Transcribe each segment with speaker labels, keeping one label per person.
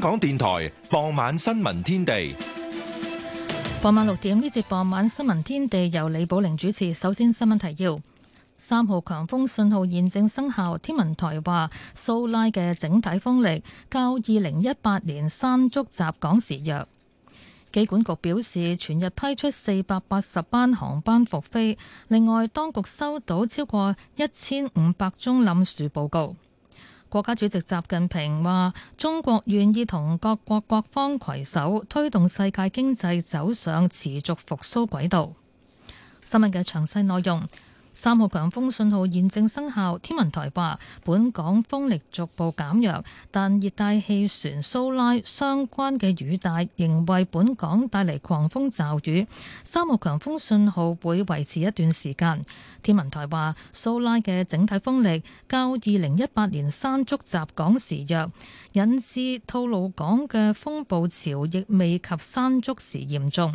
Speaker 1: 香港電台傍晚新聞天地，
Speaker 2: 傍晚六點呢節傍晚新聞天地由李寶玲主持。首先新聞提要：三號強風信號現正生效，天文台話蘇拉嘅整體風力較二零一八年山竹襲港時弱。機管局表示，全日批出四百八十班航班復飛。另外，當局收到超過一千五百宗冧樹報告。國家主席習近平話：中國願意同各國各方攜手，推動世界經濟走上持續復甦軌道。新聞嘅詳細內容。三號強風信號現正生效，天文台話本港風力逐步減弱，但熱帶氣旋蘇拉相關嘅雨帶仍為本港帶嚟狂風驟雨。三號強風信號會維持一段時間。天文台話蘇拉嘅整體風力較二零一八年山竹襲港時弱，引致吐露港嘅風暴潮亦未及山竹時嚴重。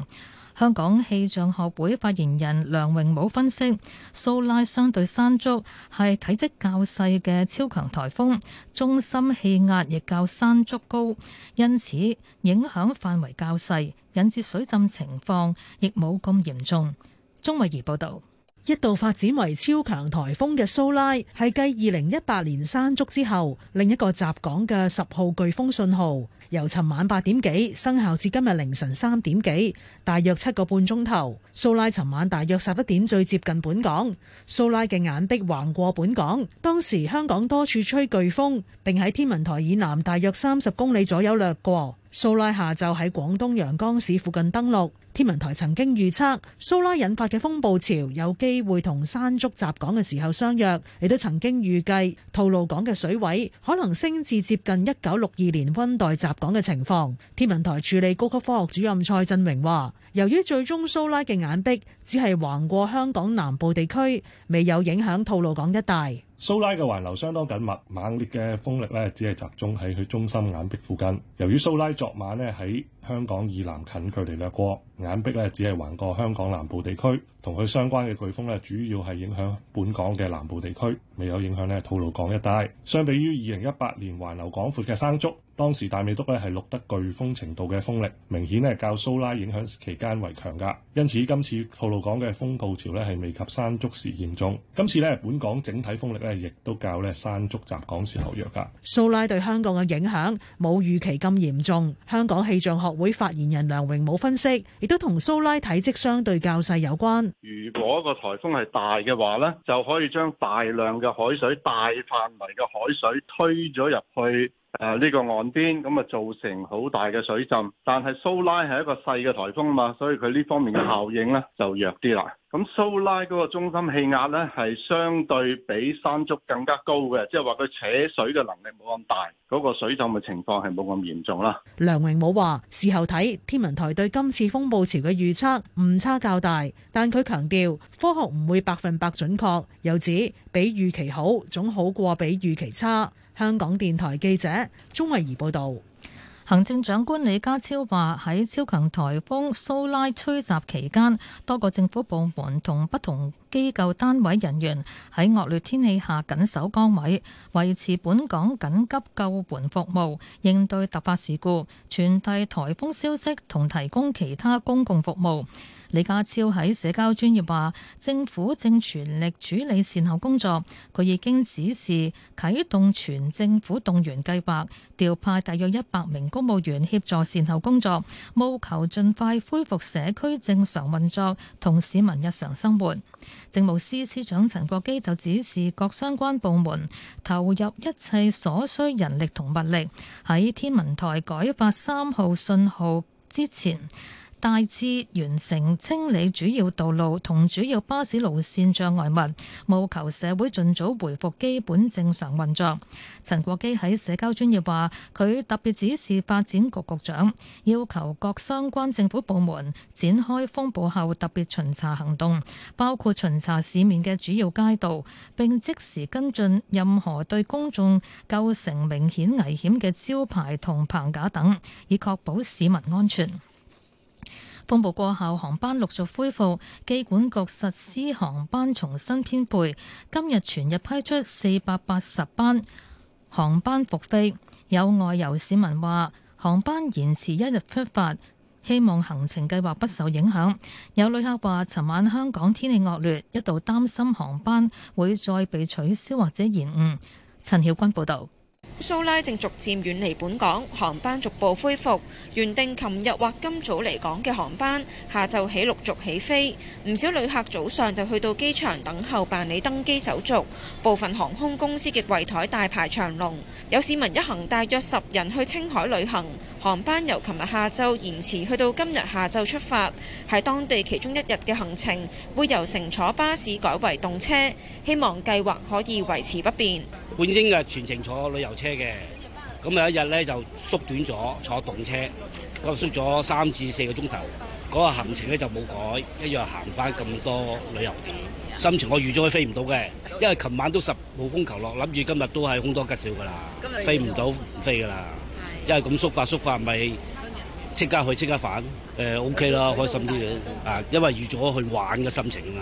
Speaker 2: 香港氣象學會發言人梁榮武分析，蘇拉相對山竹係體積較細嘅超強颱風，中心氣壓亦較山竹高，因此影響範圍較細，引致水浸情況亦冇咁嚴重。鍾慧儀報道。一度
Speaker 3: 發展為超強颱風嘅蘇拉，係繼二零一八年山竹之後另一個襲港嘅十號颶風信號，由尋晚八點幾生效至今日凌晨三點幾，大約七個半鐘頭。蘇拉尋晚大約十一點最接近本港，蘇拉嘅眼壁橫過本港，當時香港多處吹颶風，並喺天文台以南大約三十公里左右掠過。蘇拉下晝喺廣東陽江市附近登陸，天文台曾經預測蘇拉引發嘅風暴潮有機會同山竹襲港嘅時候相約，亦都曾經預計吐露港嘅水位可能升至接近一九六二年溫黛襲港嘅情況。天文台助理高級科學主任蔡振榮話。由於最終蘇拉嘅眼壁只係橫過香港南部地區，未有影響吐露港一帶。
Speaker 4: 蘇拉嘅環流相當緊密，猛烈嘅風力呢只係集中喺佢中心眼壁附近。由於蘇拉昨晚呢喺香港以南近距離掠過，眼壁咧只係橫過香港南部地區，同佢相關嘅颶風咧主要係影響本港嘅南部地區，未有影響咧吐露港一帶。相比於二零一八年環流廣闊嘅山竹，當時大尾督咧係錄得颶風程度嘅風力，明顯咧較蘇拉影響期間為強噶。因此今次吐露港嘅風暴潮咧係未及山竹時嚴重。今次咧本港整體風力咧亦都較咧山竹襲港時候弱噶。
Speaker 3: 蘇拉對香港嘅影響冇預期咁嚴重，香港氣象學會發言人梁榮武分析，亦都同蘇拉體積相對較細有關。
Speaker 5: 如果個颱風係大嘅話呢，就可以將大量嘅海水、大範圍嘅海水推咗入去。誒呢個岸邊咁啊，造成好大嘅水浸。但係蘇拉係一個細嘅颱風啊嘛，所以佢呢方面嘅效應呢就弱啲啦。咁蘇拉嗰個中心氣壓呢係相對比山竹更加高嘅，即係話佢扯水嘅能力冇咁大，嗰個水浸嘅情況係冇咁嚴重啦。
Speaker 3: 梁榮武話：事後睇天文台對今次風暴潮嘅預測誤差較大，但佢強調科學唔會百分百準確，又指比預期好，總好過比預期差。香港電台記者鍾慧怡報道，行政長官李家超話喺超強
Speaker 2: 台風蘇拉吹襲期間，多個政府部門同不同。機構單位人員喺惡劣天氣下緊守崗位，維持本港緊急救援服務，應對突發事故，傳遞颱風消息，同提供其他公共服務。李家超喺社交專頁話，政府正全力處理善後工作。佢已經指示啟動全政府動員計劃，調派大約一百名公務員協助善後工作，務求盡快恢復社區正常運作同市民日常生活。政務司司長陳國基就指示各相關部門投入一切所需人力同物力，喺天文台改發三號信號之前，大致完成清理主要道路同主要巴士路線障礙物，務求社會盡早回復基本正常運作。陳國基喺社交專業話，佢特別指示發展局局長，要求各相關政府部門展開風暴後特別巡查行動，包括巡查市面嘅主要街道，並即時跟進任何對公眾構成明顯危險嘅招牌同棚架等，以確保市民安全。風暴過後，航班陸續恢復，機管局實施航班重新編配。今日全日批出四百八十班航班復飛。有外遊市民話，航班延遲一日出發，希望行程計劃不受影響。有旅客話，尋晚香港天氣惡劣，一度擔心航班會再被取消或者延誤。陳曉君報道。
Speaker 6: 蘇拉正逐漸遠離本港，航班逐步恢復，原定琴日或今早嚟港嘅航班，下晝起陸續起飛。唔少旅客早上就去到機場等候辦理登機手續，部分航空公司嘅櫃枱大排長龍。有市民一行大約十人去青海旅行，航班由琴日下晝延遲去到今日下晝出發，喺當地其中一日嘅行程會由乘坐巴士改為動車，希望計劃可以維持不變。
Speaker 5: 本應嘅全程坐旅遊車車嘅，咁有一日咧就縮短咗坐動車，咁縮咗三至四個鐘頭，嗰個行程咧就冇改，一樣行翻咁多旅遊點，心情我預咗佢飛唔到嘅，因為琴晚都十號風球落，諗住今日都係凶多吉少噶啦，飛唔到唔飛噶啦，因為咁縮法縮法咪即刻去即刻返，誒 O K 啦，開心啲啊，因為預咗去玩嘅心情啊。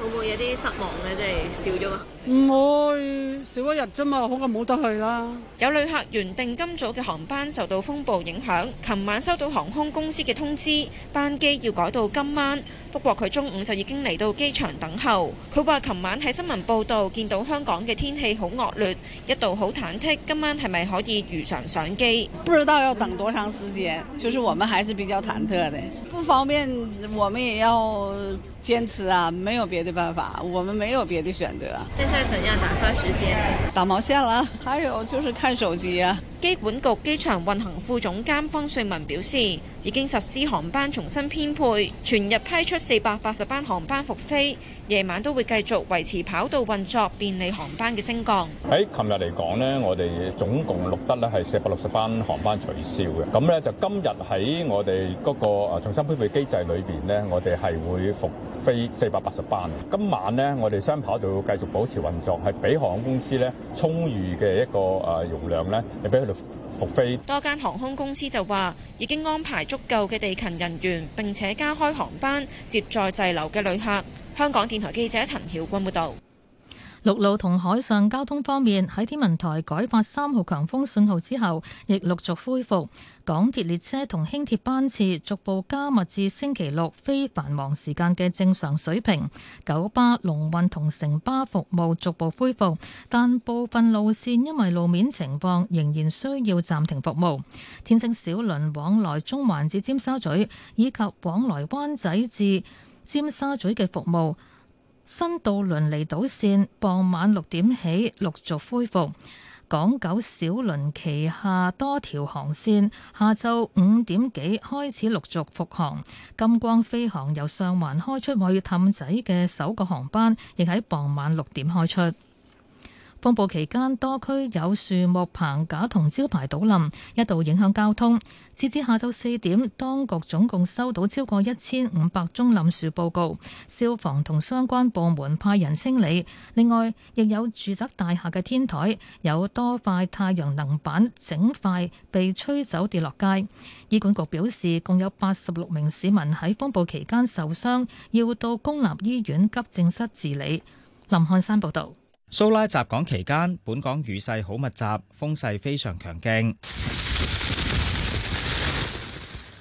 Speaker 3: 會唔會有啲失望呢？即係少咗啊？唔會少一日啫嘛，
Speaker 6: 好過冇得去啦。有旅客原定今早嘅航班受到風暴影響，琴晚收到航空公司嘅通知，班機要改到今晚。不過佢中午就已經嚟到機場等候。佢話琴晚喺新聞報道見到香港嘅天氣好惡劣，一度好忐忑。今晚係咪可以如常上機？不知道要等多長時間，嗯、就是我們
Speaker 7: 還是比較忐忑的。不方便，我們也要。堅持啊，沒有別的辦法，我們沒有別的選擇。現
Speaker 6: 在怎樣打發時間？
Speaker 7: 打毛線啦！
Speaker 6: 還有就是看手機啊。機管局機場運行副總監方瑞文表示，已經實施航班重新編配，全日批出四百八十班航班復飛，夜晚都會繼續維持跑道運作，便利航班嘅升降。
Speaker 1: 喺琴日嚟講呢，我哋總共錄得呢係四百六十班航班取消嘅，咁咧就今日喺我哋嗰個重新編配機制裏邊呢，我哋係會復。飛四百八十班。今晚咧，我哋雙跑要繼續保持運作，係俾航空公司咧充裕嘅一個誒容量咧，嚟俾佢哋復飛。
Speaker 6: 多間航空公司就話已經安排足夠嘅地勤人員，並且加開航班接載滯留嘅旅客。香港電台記者陳曉君報道。
Speaker 2: 陸路同海上交通方面，喺天文台改發三號強風信號之後，亦陸續恢復港鐵列車同輕鐵班次，逐步加密至星期六非繁忙時間嘅正常水平。九巴、龍運同城巴服務逐步恢復，但部分路線因為路面情況仍然需要暫停服務，天星小輪往來中環至尖沙咀，以及往來灣仔至尖沙咀嘅服務。新渡輪離島線傍晚六點起陸續恢復，港九小輪旗下多條航線下晝五點幾開始陸續復航，金光飛航由上環開出去氹仔嘅首個航班，亦喺傍晚六點開出。風暴期間，多區有樹木、棚架同招牌倒冧，一度影響交通。截至下晝四點，當局總共收到超過一千五百宗冧樹報告，消防同相關部門派人清理。另外，亦有住宅大廈嘅天台有多塊太陽能板整塊被吹走跌落街。醫管局表示，共有八十六名市民喺風暴期間受傷，要到公立醫院急症室治理。林漢山報導。
Speaker 5: 蘇拉襲港期間，本港雨勢好密集，風勢非常強勁。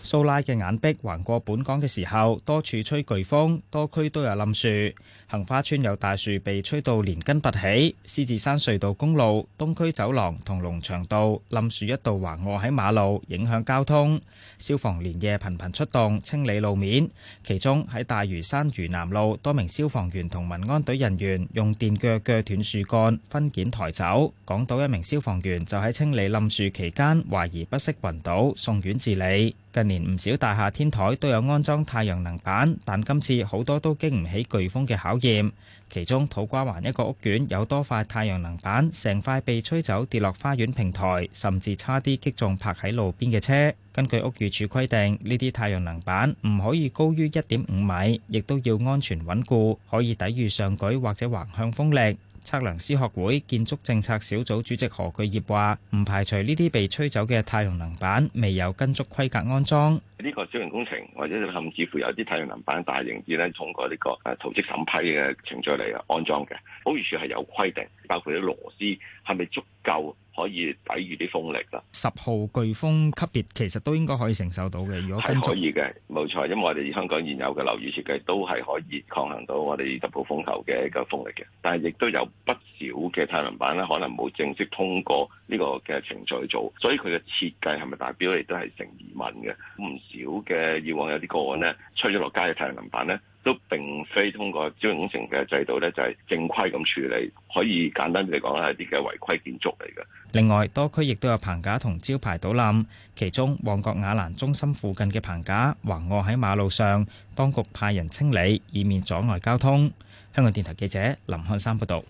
Speaker 5: 蘇拉嘅眼壁橫過本港嘅時候，多處吹颶風，多區都有冧樹。杏花村有大樹被吹到連根拔起，獅子山隧道公路、東區走廊、同龍翔道冧樹一度橫臥喺馬路，影響交通。消防連夜頻頻出動清理路面，其中喺大嶼山愉南路，多名消防員同民安隊人員用電鋸鋸斷樹幹，分件抬走。港島一名消防員就喺清理冧樹期間，懷疑不適暈倒，送院治理。近年唔少大廈天台都有安裝太陽能板，但今次好多都經唔起颶風嘅考驗。其中土瓜灣一個屋苑有多塊太陽能板，成塊被吹走，跌落花園平台，甚至差啲擊中泊喺路邊嘅車。根據屋宇署規定，呢啲太陽能板唔可以高於一點五米，亦都要安全穩固，可以抵禦上舉或者橫向風力。測量師學會建築政策小組主席何巨業話，唔排除呢啲被吹走嘅太陽能板未有跟足規格安裝。
Speaker 4: 呢個小型工程，或者甚至乎有啲太陽能板大型啲咧，通過呢個誒圖則審批嘅程序嚟安裝嘅，好完全係有規定，包括啲螺絲係咪足夠可以抵住啲風力啦？
Speaker 5: 十號颶風級別其實都應該可以承受到嘅，如果係可以
Speaker 4: 嘅，冇錯，因為我哋香港現有嘅樓宇設計都係可以抗衡到我哋十號風球嘅一個風力嘅，但係亦都有不少嘅太陽能板咧，可能冇正式通過呢個嘅程序去做，所以佢嘅設計係咪代表嚟都係成疑問嘅，唔。少嘅以往有啲個案咧，出咗落街嘅太陽能板咧，都並非通過招用成嘅制度咧，就係正規咁處理，可以簡單嚟講係一啲嘅違規建築嚟
Speaker 5: 嘅。另外，多區亦都有棚架同招牌倒冧，其中旺角雅蘭中心附近嘅棚架橫臥喺馬路上，當局派人清理，以免阻礙交通。香港電台記者林漢山報道。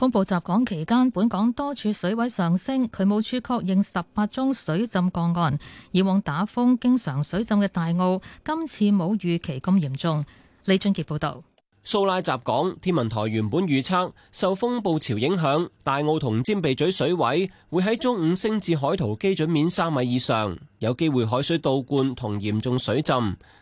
Speaker 2: 風暴襲港期間，本港多處水位上升，渠務處確認十八宗水浸個案。以往打風經常水浸嘅大澳，今次冇預期咁嚴重。李俊杰報道，
Speaker 1: 蘇拉襲港，天文台原本預測受風暴潮影響，大澳同尖鼻咀水位會喺中午升至海圖基準面三米以上，有機會海水倒灌同嚴重水浸。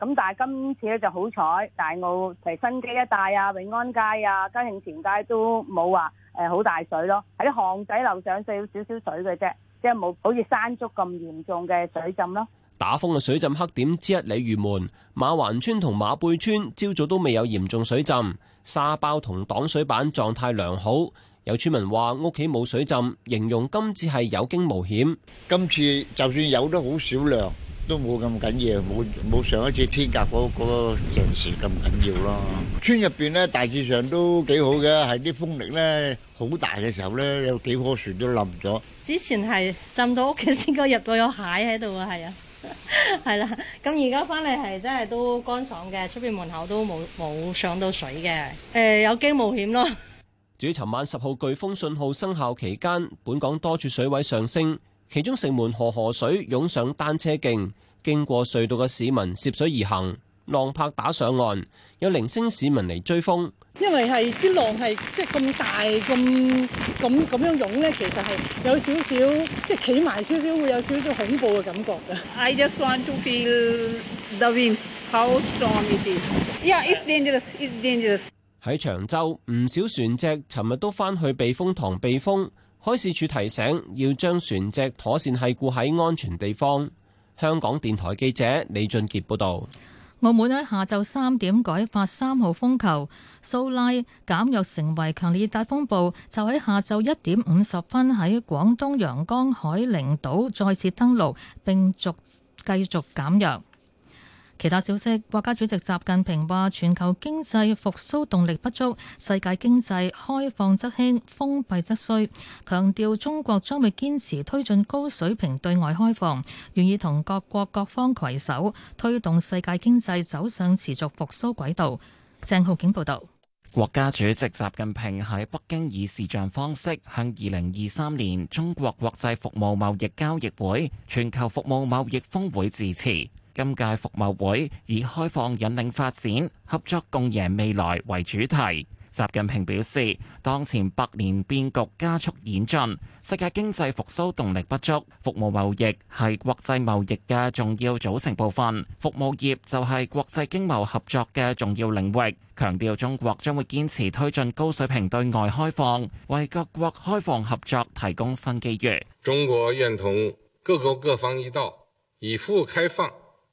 Speaker 3: 咁但係今次咧就好彩，大澳誒新基一帶啊、永安街啊、嘉慶前街都冇話誒好大水咯，喺啲巷仔樓上就有少少水嘅啫，即係冇好似山竹咁嚴重嘅水浸咯。
Speaker 1: 打風嘅水浸黑點之一，鯉魚門、馬環村同馬背村朝早都未有嚴重水浸，沙包同擋水板狀態良好。有村民話屋企冇水浸，形容今次係有驚無險。今次就
Speaker 4: 算有都好少量。都冇咁緊要，冇冇上一次天鴿嗰嗰陣時咁緊要咯。村入邊咧大致上都幾好嘅，係啲風力咧好大嘅時候咧，有幾棵樹都冧咗。
Speaker 3: 之前係浸到屋企先，個入到有蟹喺度啊，係啊，係啦。咁而家翻嚟係真係都乾爽嘅，出邊門口都冇冇上到水嘅。誒有驚無險咯。
Speaker 1: 至於尋晚十號颶風信號生效期間，本港多處水位上升。其中，城門河河水湧上單車徑，經過隧道嘅市民涉水而行，浪拍打上岸，有零星市民嚟追風。
Speaker 3: 因為係啲浪係即係咁大、咁咁咁樣湧咧，其實係有少少即係企埋少少，會有少少恐怖嘅感覺嘅。I just want to feel the winds, how strong it is. Yeah, it's dangerous. It's dangerous.
Speaker 1: 喺長洲，唔少船隻尋日都翻去避風塘避風。海事處提醒，要將船隻妥善繫固喺安全地方。香港電台記者李俊傑報道，
Speaker 2: 澳門喺下晝三點改發三號風球，蘇拉減弱成為強烈熱帶風暴，就喺下晝一點五十分喺廣東陽江海陵島再次登陸，並繼續繼續減弱。其他消息，國家主席習近平話：全球經濟復甦動力不足，世界經濟開放則興，封閉則衰。強調中國將會堅持推進高水平對外開放，願意同各國各方攜手推動世界經濟走上持續復甦軌道。鄭浩景報道：
Speaker 4: 「國家主席習近平喺北京以視像方式向二零二三年中國國際服務貿易交易會全球服務貿易峰會致辭。今屆服貿會以開放引領發展、合作共贏未來為主題。習近平表示，當前百年變局加速演進，世界經濟復蘇動力不足，服務貿易係國際貿易嘅重要組成部分，服務業就係國際經貿合作嘅重要領域。強調中國將會堅持推進高水平對外開放，為各國開放合作提供新機遇。
Speaker 1: 中國願同各國各方一道，以赴開放。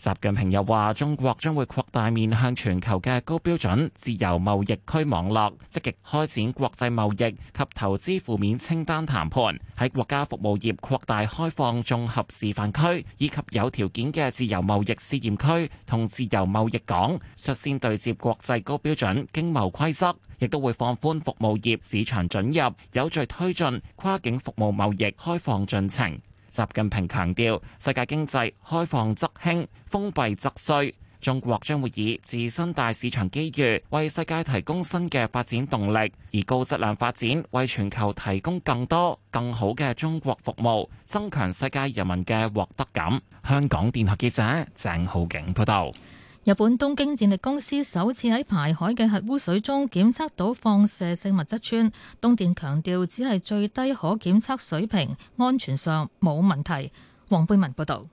Speaker 4: 習近平又話中國將會擴大面向全球嘅高標準自由貿易區網絡，積極開展國際貿易及投資負面清單談判，喺國家服務業擴大開放綜合示範區以及有條件嘅自由貿易試驗區同自由貿易港，率先對接國際高標準經貿規則，亦都會放寬服務業市場準入，有序推進跨境服務貿易開放進程。習近平強調，世界經濟開放則興，封閉則衰。中國將會以自身大市場機遇為世界提供新嘅發展動力，而高質量發展為全球提供更多更好嘅中國服務，增強世界人民嘅獲得感。香港電台記者鄭浩景報道。
Speaker 2: 日本東京電力公司首次喺排海嘅核污水中檢測到放射性物質氚，東電強調只係最低可檢測水平，安全上冇問題。黃貝文報道。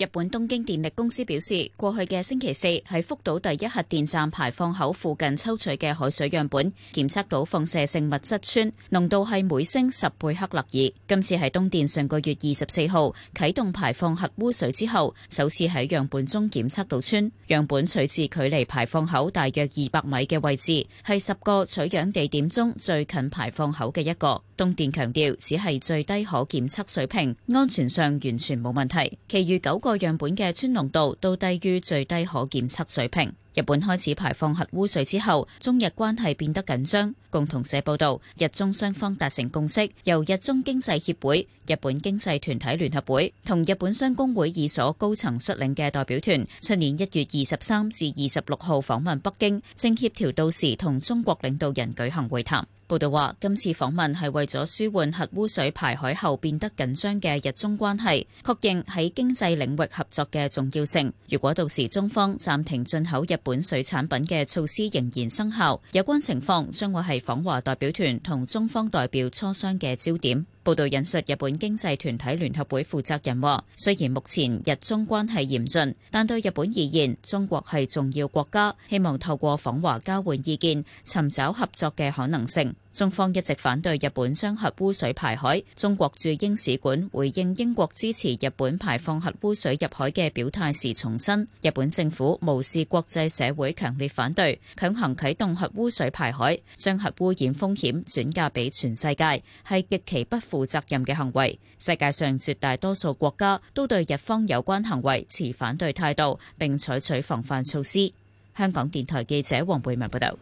Speaker 8: 日本東京電力公司表示，過去嘅星期四喺福島第一核電站排放口附近抽取嘅海水樣本，檢測到放射性物質氚，濃度係每升十貝克勒爾。今次係東電上個月二十四號啟動排放核污水之後，首次喺樣本中檢測到氚。樣本取自距離排放口大約二百米嘅位置，係十個取樣地點中最近排放口嘅一個。東電強調，只係最低可檢測水平，安全上完全冇問題。其餘九個樣本嘅氚濃度都低於最低可檢測水平。日本開始排放核污水之後，中日關係變得緊張。共同社報導，日中雙方達成共識，由日中經濟協會、日本經濟團體聯合會同日本商工會議所高層率領嘅代表團，出年一月二十三至二十六號訪問北京，正協調到時同中國領導人舉行會談。報道話，今次訪問係為咗舒緩核污水排海後變得緊張嘅日中關係，確認喺經濟領域合作嘅重要性。如果到時中方暫停進口日本水產品嘅措施仍然生效，有關情況將會係訪華代表團同中方代表磋商嘅焦點。報道引述日本經濟團體聯合會負責人話：雖然目前日中關係嚴峻，但對日本而言，中國係重要國家，希望透過訪華交換意見，尋找合作嘅可能性。中方一直反對日本將核污水排海。中國駐英使館回應英國支持日本排放核污水入海嘅表態時重申：日本政府無視國際社會強烈反對，強行啟動核污水排海，將核污染風險轉嫁俾全世界，係極其不負責任嘅行為。世界上絕大多數國家都對日方有關行為持反對態度，并采取防範措施。香港電台記者黃貝文報道。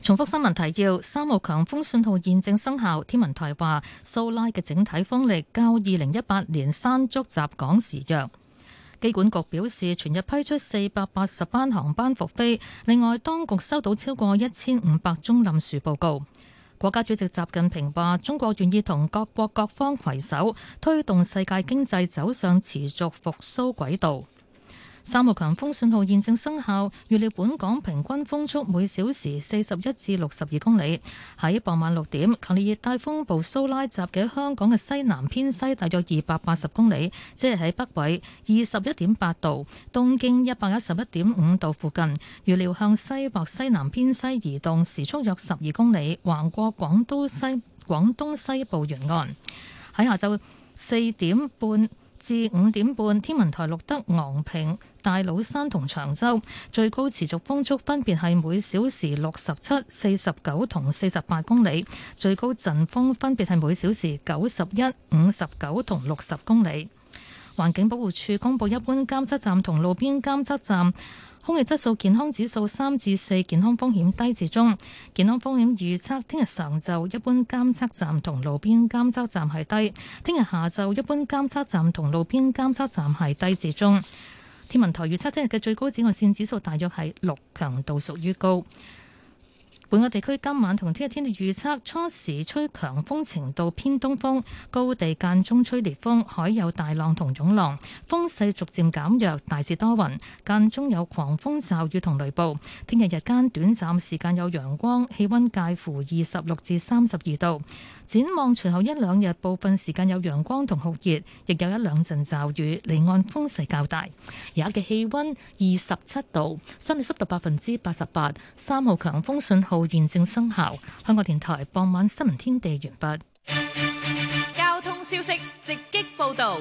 Speaker 8: 重複新聞提要：三號強
Speaker 2: 風信號現正生效。天文台話，蘇拉嘅整體風力較二零一八年山竹襲港時弱。機管局表示，全日批出四百八十班航班復飛。另外，當局收到超過一千五百宗冧樹報告。國家主席習近平話：中國願意同各國各方携手，推動世界經濟走上持續復蘇軌道。三號強風信號現正生效，預料本港平均風速每小時四十一至六十二公里。喺傍晚六點，強烈熱帶風暴蘇拉襲嘅香港嘅西南偏西大約二百八十公里，即係喺北緯二十一點八度、東經一百一十一點五度附近，預料向西北西南偏西移動，時速約十二公里，橫過廣東西廣東西部沿岸。喺下晝四點半至五點半，天文台錄得昂坪、大老山同長洲最高持續風速分別係每小時六十七、四十九同四十八公里，最高陣風分別係每小時九十一、五十九同六十公里。環境保護署公布一般監測站同路邊監測站。空氣質素健康指數三至四，健康風險低至中。健康風險預測：聽日上晝一般監測站同路邊監測站係低；聽日下晝一般監測站同路邊監測站係低至中。天文台預測聽日嘅最高紫外線指數大約係六，強度屬於高。本澳地區今晚同聽日天氣預測，初時吹強風程度偏東風，高地間中吹烈風，海有大浪同湧浪，風勢逐漸減弱，大致多雲，間中有狂風驟雨同雷暴。聽日日間短暫時間有陽光，氣温介乎二十六至三十二度。展望隨後一兩日，部分時間有陽光同酷熱，亦有一兩陣驟雨，離岸風勢較大。而家嘅氣温二十七度，相對濕度百分之八十八，三號強風信號現正生效。香港電台
Speaker 7: 傍晚新聞天地完畢。
Speaker 3: 交通消息直擊報道。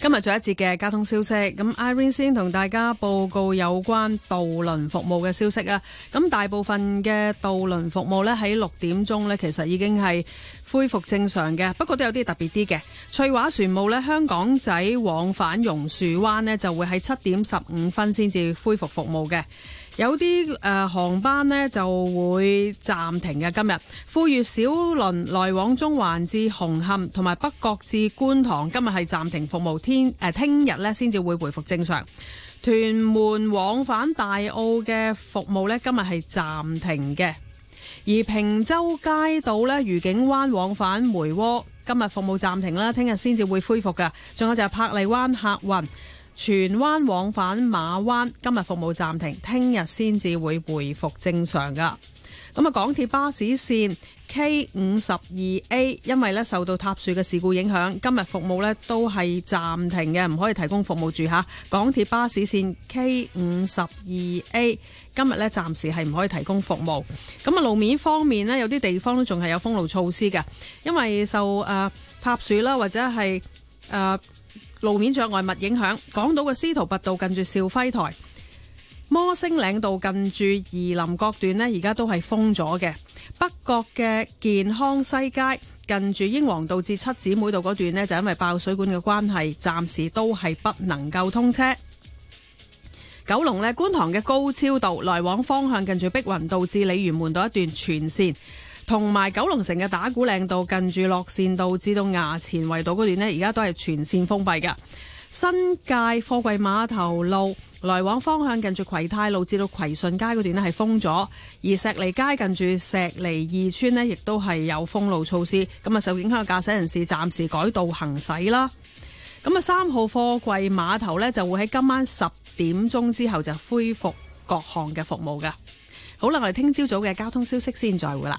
Speaker 7: 今日最後一節嘅交通消息。咁 Irene 先同大家報告有關渡輪服務嘅消息啊。咁大部分嘅渡輪服務呢，喺六點鐘呢，其實已經係恢復正常嘅。不過都有啲特別啲嘅。翠華船務呢，香港仔往返榕樹灣呢，就會喺七點十五分先至恢復服務嘅。有啲誒、呃、航班呢就會暫停嘅。今日，富裕小輪來往中環至紅磡同埋北角至觀塘，今日係暫停服務，天誒聽、呃、日呢先至會回復正常。屯門往返大澳嘅服務呢，今日係暫停嘅。而坪洲街道呢，愉景灣往返梅窩，今日服務暫停啦，聽日先至會恢復嘅。仲有就係珀麗灣客運。荃灣往返馬灣今日服務暫停，聽日先至會回復正常噶。咁啊，港鐵巴士線 K 五十二 A 因為咧受到塌樹嘅事故影響，今日服務咧都係暫停嘅，唔可以提供服務住吓。港鐵巴士線 K 五十二 A 今日咧暫時係唔可以提供服務。咁啊，路面方面咧有啲地方都仲係有封路措施嘅，因為受誒塌樹啦或者係誒。呃路面障礙物影響，港島嘅司徒拔道近住肇輝台、摩星嶺道近住宜林閣段呢，而家都係封咗嘅。北角嘅健康西街近住英皇道至七姊妹道嗰段呢，就因為爆水管嘅關係，暫時都係不能夠通車。九龍咧，觀塘嘅高超道來往方向近住碧雲道至鯉魚門道一段全線。同埋九龍城嘅打鼓嶺道，近住樂善道至到衙前圍道嗰段呢，而家都係全線封閉嘅。新界貨櫃碼頭路來往方向近，近住葵泰路至到葵順街嗰段呢係封咗，而石梨街近住石梨二村呢亦都係有封路措施。咁啊，受影響嘅駕駛人士暫時改道行駛啦。咁啊，三號貨櫃碼頭呢就會喺今晚十點鐘之後就恢復各項嘅服務噶。好啦，我哋聽朝早嘅交通消息先，再會啦。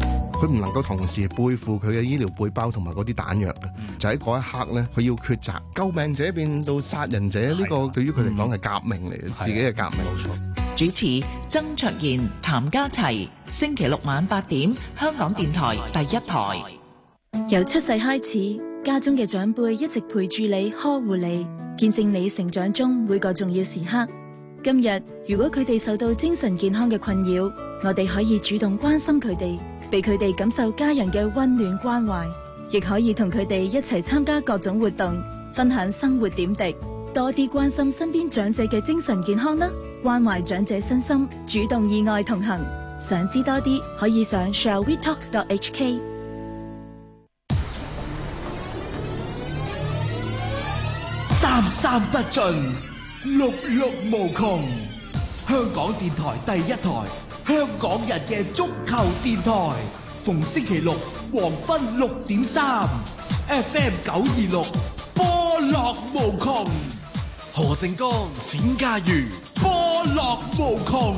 Speaker 5: 佢唔能夠同時背負佢嘅醫療背包同埋嗰啲彈藥，就喺嗰一刻呢，佢要抉擇，救命者變到殺人者，呢個對於佢嚟
Speaker 3: 講係革命嚟，自己嘅革命。主持曾卓然、譚嘉齊，星期六晚八點，香港電台第一台。由出世開始，家中嘅長輩一直陪住你、呵護你、見證你成長中每個重要時刻。今日如果佢哋受到精神健康嘅困擾，我哋可以主動關心佢哋。俾佢哋感受家人嘅溫暖關懷，亦可以同佢哋一齊參加各種活動，分享生活點滴，多啲關心身邊長者嘅精神健康啦！關懷長者身心，主動意外同行。想知多啲，可以上 shall we talk dot hk。三三不盡，六六無窮。香港電台第一台，香港人嘅足球電台，逢星期六黃昏六點三，FM 九二六，波樂無窮，何靜江、冼家瑜，波樂無窮。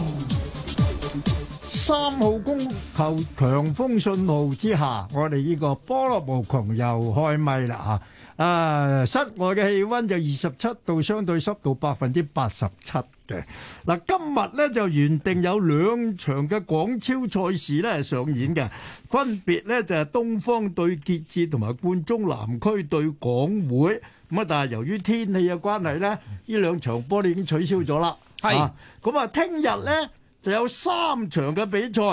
Speaker 3: 三
Speaker 5: 號風球強風信號之下，我哋呢個波樂無窮又開咪啦吓。啊！室外嘅氣溫就二十七度，相對濕度百分之八十七嘅。嗱，今日咧就原定有兩場嘅廣超賽事咧係上演嘅，分別咧就係東方對傑志同埋冠忠南區對港會。咁啊，但係由於天氣嘅關係咧，呢兩場波咧已經取消咗啦。係。咁啊，聽日咧就有三場嘅比賽。